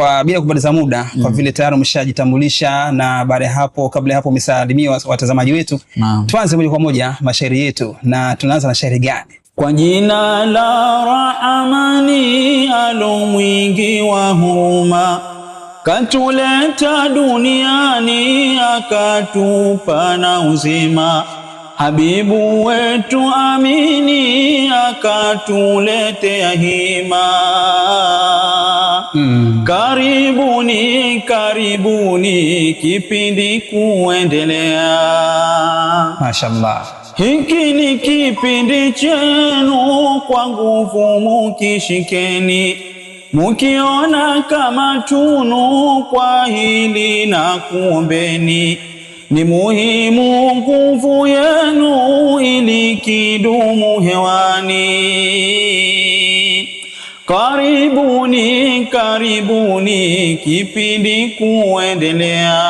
kwa bila kupoteza muda mm kwa vile tayari umeshajitambulisha na baada ya hapo, kabla ya hapo umesalimia watazamaji wetu mm. Tuanze moja kwa moja mashairi yetu, na tunaanza na shairi gani? Kwa jina la rahamani alo mwingi wa huruma, katuleta duniani akatupa na uzima, habibu wetu amini akatuletea hima Karibuni, karibuni, kipindi kuendelea. Mashallah, hiki ni kipindi chenu, kwa nguvu mukishikeni, mukiona kama tunu, kwa hili na kuombeni ni muhimu nguvu yenu ili kidumu hewani. Kari karibuni, kipindi kuendelea.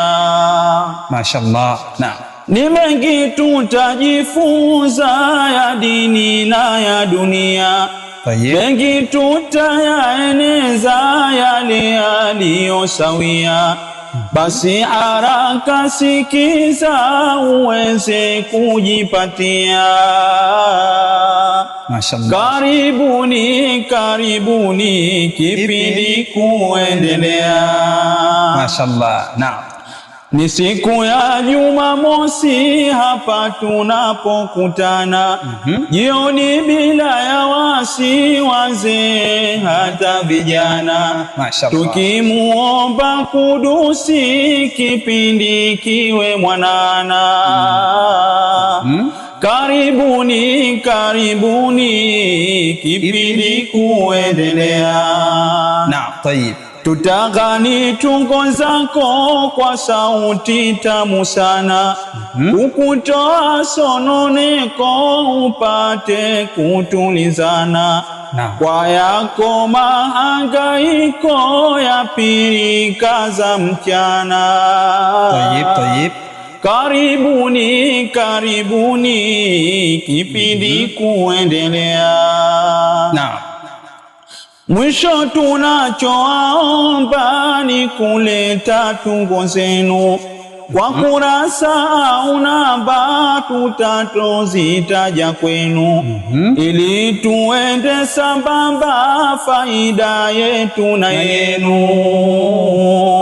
Mashallah, na ni mengi tutajifunza ya dini na ya dunia mengi tutayaeneza yale yaliyosawia basi haraka sikiza uweze kujipatia. Mashallah. Karibuni, karibuni, kipindi kuendelea. Mashallah. Naam. Ni siku ya Jumamosi hapa tunapokutana, mhm. jioni mm -hmm. bila ya wasi, wazee hata vijana, tukimuomba Kudusi kipindi kiwe mwanana mm -hmm. Karibuni, karibuni, kipindi kuendelea. Naam, tayib Tutaghani tungo zako kwa sauti tamu sana, mhm. ukutoa sononeko upate kutulizana. Kwa yako mahangaiko ya pirika za mchana. Tayib, tayib. Karibuni, karibuni, kipindi mhm. kuendelea. Naam. Mwisho tunachoomba ni kuleta tungo zenu kwa mm-hmm. kurasa au namba tutatozitaja kwenu mm -hmm. ili tuende sambamba faida yetu na yenu.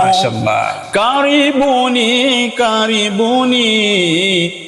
Mashallah, karibuni karibuni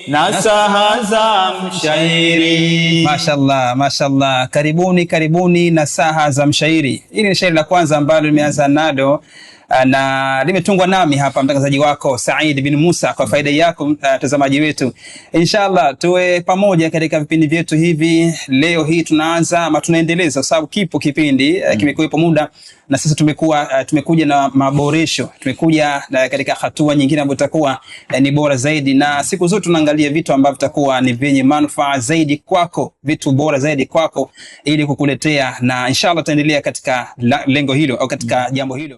nasaha za mshairi. Mashallah, mashallah, karibuni karibuni, nasaha za mshairi. Hili ni shairi la kwanza ambalo limeanza nado uh, na limetungwa nami hapa mtangazaji wako Said bin Musa kwa faida yako uh, mtazamaji wetu. Inshallah tuwe pamoja katika vipindi vyetu hivi. Leo hii tunaanza ama tunaendeleza sababu kipo kipindi uh, mm. kimekuwepo muda na sasa tumekuwa uh, tumekuja na maboresho. Tumekuja uh, katika hatua nyingine ambayo itakuwa uh, ni bora zaidi na siku zote tunaangalia tuangalie vitu ambavyo vitakuwa ni vyenye manufaa zaidi kwako, vitu bora zaidi kwako, ili kukuletea na inshallah, tutaendelea katika lengo hilo au katika mm. jambo hilo.